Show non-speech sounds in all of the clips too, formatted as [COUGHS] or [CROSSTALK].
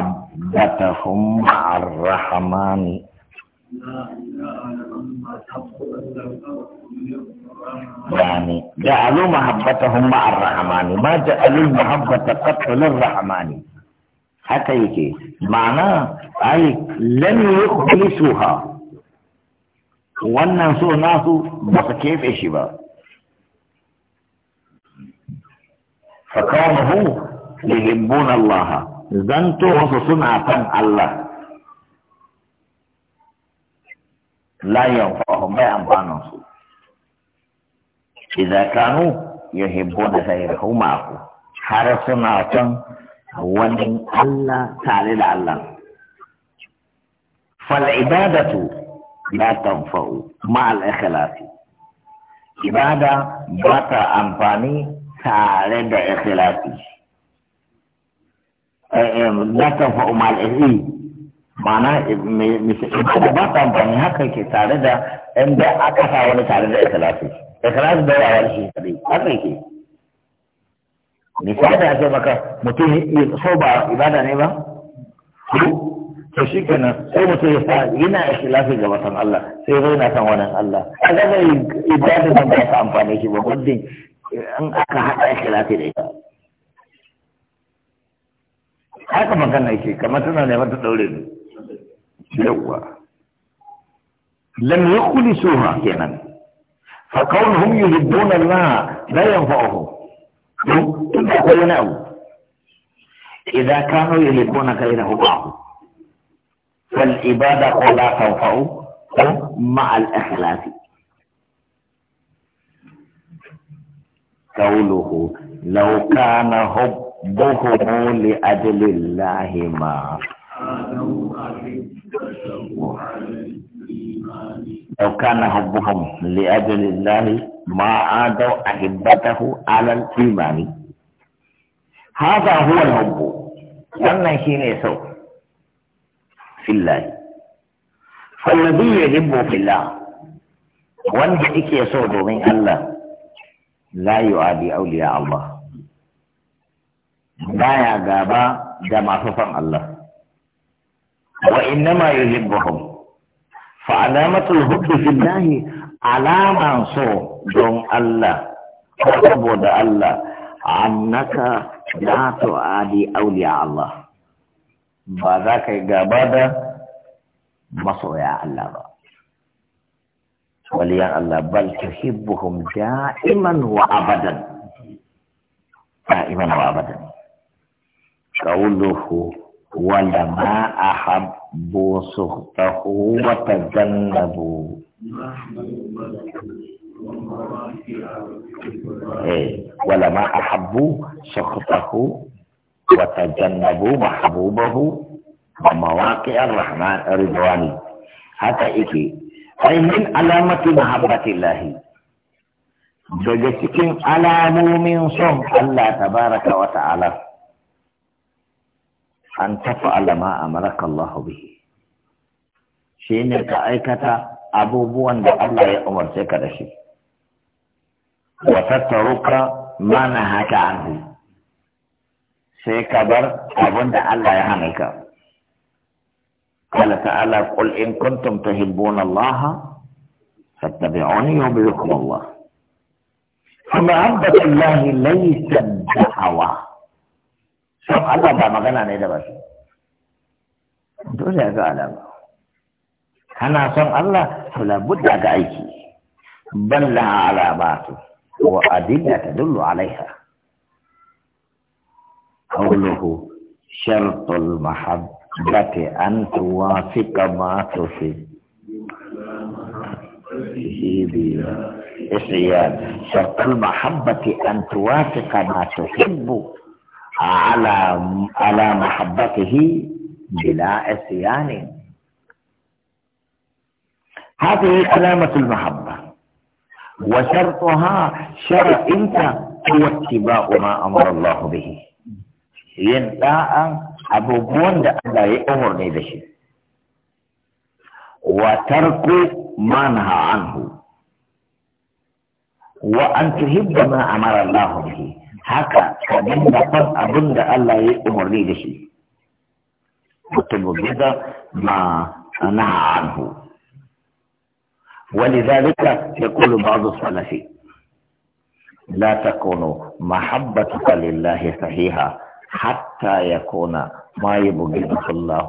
محبتهم مع الرحمن يعني جعلوا محبتهم مع الرحمن ما جعلوا المحبة قط للرحمن حتى يكي معناه أي لم يخلصوها وانا سوء nasu كيف su kefe shi ba fakanahu zanto wasu suna kan Allah layan fahim bai amfanin su idza kanu yuhibbuna ghayrahu ma'ahu har suna kan wani Allah tare da Allah fal ibadatu la tanfa'u ma'al ikhlasi ibada ba ta amfani tare da ikhlasi la tanfa'u ma'al ilmi ma'ana ibada eh, ba ta amfani haka ke tare da in da aka sa wani tare da ikhlasi ikhlasi da wa'awar shi kadai haka ke misali a ce maka mutum ya so ba ibada ne ba to shi kenan sai mutum ya sa yana ikhlasi ga watan Allah sai zai na san wannan Allah kaga bai ibada da ba ta amfani shi ba muddin in aka hada ikhlasi da ita haka magana yake kamar tana neman ta daure ne yawwa lam yukhlisuha kenan fa kaunhum yuhibbuna Allah la yanfa'uhu tun da akwai wani abu idan kanu yuhibbuna ghayrahu ba'u fal ibada ko la tanfa'u ma al ikhlasi kauluhu لو كان حب بوكو لأجل الله ما لو حبهم لأجل الله ما عادوا أحبته على الإيمان هذا هو الحب لما حين يسوع في الله فالذي يحب في الله وانه يكي يسوع من الله لا يعادي أولياء الله baya gaba da masu son Allah wa innama yuhibbuhum fa alamatul hubbi fillahi alama so don Allah ko saboda Allah annaka la tu'adi awliya Allah ba za ka yi gaba da masoya Allah ba waliyan Allah bal tuhibbuhum da'iman wa abadan da'iman wa abadan قوله ولما أحبوا سخطه وتجنبوا إيه ولما أحبوا سخطه وتجنبوا محبوبه ومواقع الرحمن رضواني هذا إيكي أي من علامة محبة الله daga cikin alamomin son الله تبارك وتعالى an tafa'ala ma amaraka Allah bihi shine ka aikata abubuwan da Allah ya umarce ka da shi wa tattaruka ma nahaka anhu sai ka bar abin da Allah ya hana ka قال تعالى قل إن كنتم تحبون الله فاتبعوني يحببكم الله فمحبة الله ليست دعوة Son Allah ba magana ne da ba shi. Dole ya ga alama. Kana son Allah, to labudda ga aiki. Ban laha alamatu wa adilla tadullu alaiha. Qawluhu shartul mahabbati an tuwafiqa ma tufi. إحيان شرط المحبة أن توافق ما تحب على على محبته بلا عصيان هذه علامة المحبة وشرطها شرط انت هو اتباع ما امر الله به ينطاع ابو بوند الا يامر بشيء وترك ما نهى عنه وان تهب ما امر الله به haka kadin da kan abin da Allah ya umarni da shi mutum gida ma ana anhu ولذلك يقول بعض السلف لا تكون محبتك لله صحيحة حتى يكون ما يبغضك الله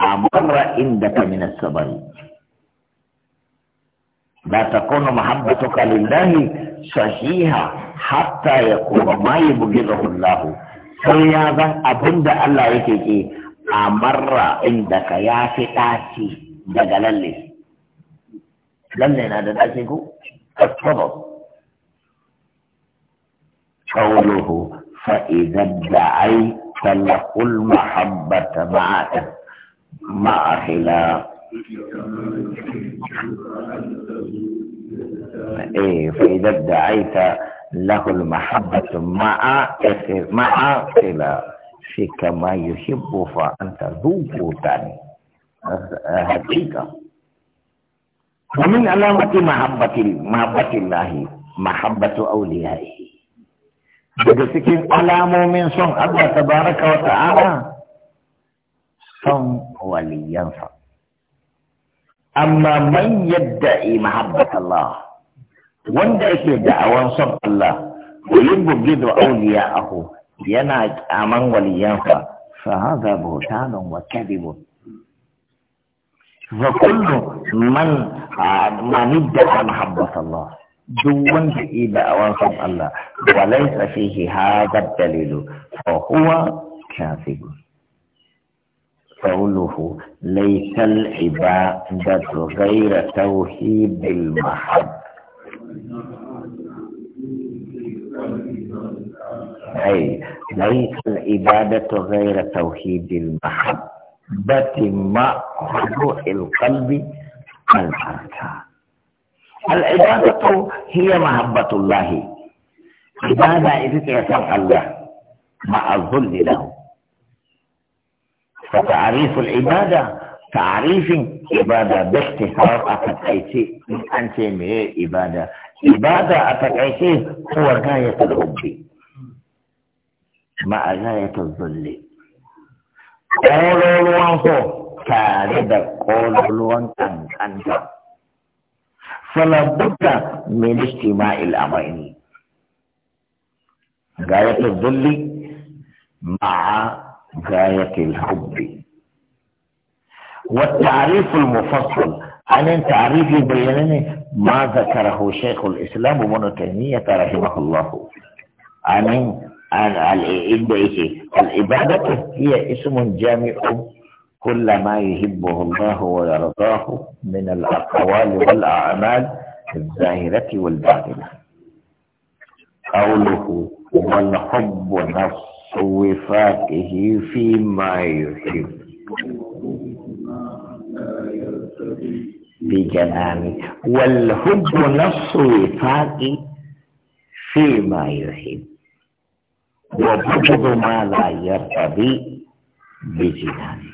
أمر عندك من الصبر لا تكون محبتك لله صحيحة حتى يكون ما يبغضه الله فيا أبند الله يكيكي أمر عندك يا فتاتي دقللي لن هذا تأسيكو تفضل قوله فإذا ادعيت لقل المحبه معك مع خلاف إيه فإذا ادعيت له المحبة مع مع خلافك ما يحب فأنت ذو بوتان حقيقة ومن علامة محبة محبة الله محبة أوليائه daga cikin alamomin son Allah تبارك wa ta'ala son waliyansa أما من يدعي محبة الله وان يكي دعوان صب الله ويبقى جدو أولياءه يناج آمان وليانفا فهذا بهتان وكذب فكل من من يدعى محبة الله دون إيباء وانصب الله وليس فيه هذا الدليل فهو كاذب قوله ليس العبادة غير توحيد المحب أي ليس العبادة غير توحيد المحبة ما خضوع القلب الأركان العبادة هي محبة الله عبادة إذا الله مع الظل له فتعريف العبادة تعريف عبادة باختصار أتكعيسي أنت من عبادة عبادة أتكعيسي هو غاية الحب مع غاية الظل قولوا لوانسو تارد قولوا لوان أنت فلا بد من اجتماع الأمرين غاية الظل مع غاية الحب والتعريف المفصل عن تعريف بيانه ما ذكره شيخ الإسلام ابن تيمية رحمه الله عن عن إيه؟ العبادة هي اسم جامع كل ما يحبه الله ويرضاه من الأقوال والأعمال الظاهرة والباطنة قوله والحب نفس ووفاقه فيما يحب بجنانه والحب نفس وفاقه فيما يحب وبغض ما لا يرتضي بجنانه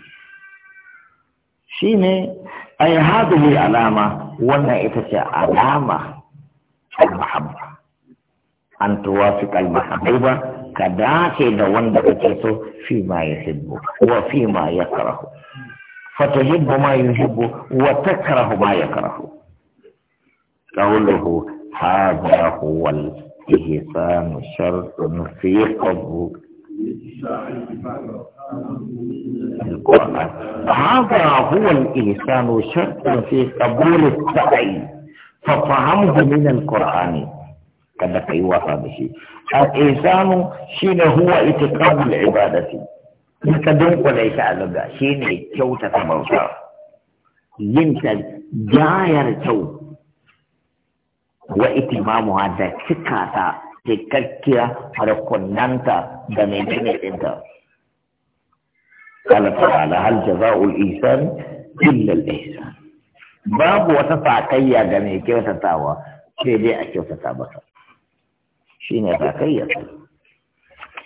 شيني أي هذه علامة وانا إتسع علامة المحبة أن توافق المحبوبة ka dace da wanda kake so fi ma wa fi ma فتحب ما يحب وتكره ما يكره قوله هذا هو الإحسان شرط في قبول القرآن هذا هو الإحسان شرط في قبول السعي ففهمه من القرآن kada ka yi wasa da shi al-ihsanu shine huwa itiqamul ibadati in ka dunkule shi a gaba shine kyautata bauta yin ta jayar kyau wa itimamuwa da cika ta cikakkiya harkunanta da mai gini ɗinta. Kala ta'ala hal jaza'ul ihsan illa al-ihsan. Babu wata sakayya ga mai kyautatawa sai dai a kyautata masa. شيء نه ساقيه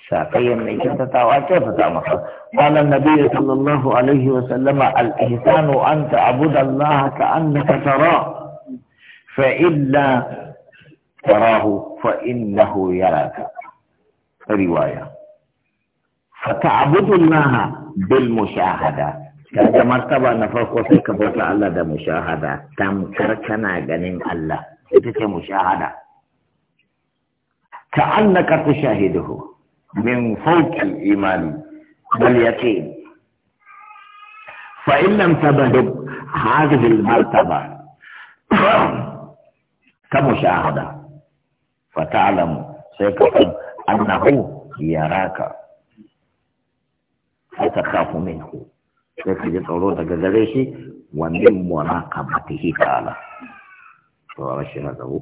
ساقيه نه چې تا قال النبي صلى الله عليه وسلم الاحسان ان تعبد الله كانك تراه فإلا تراه فإنه يراك رواية فتعبد الله بالمشاهدة كانت مرتبة نفوق وسيك بطل الله ده مشاهدة تم كركنا جنين الله تتك مشاهدة كأنك تشاهده من فوق الإيمان واليقين فإن لم تبلغ هذه المرتبة [COUGHS] كمشاهدة فتعلم سيكون أنه يراك فتخاف منه سيكون تقولون تقدريشي ومن مراقبته تعالى فهو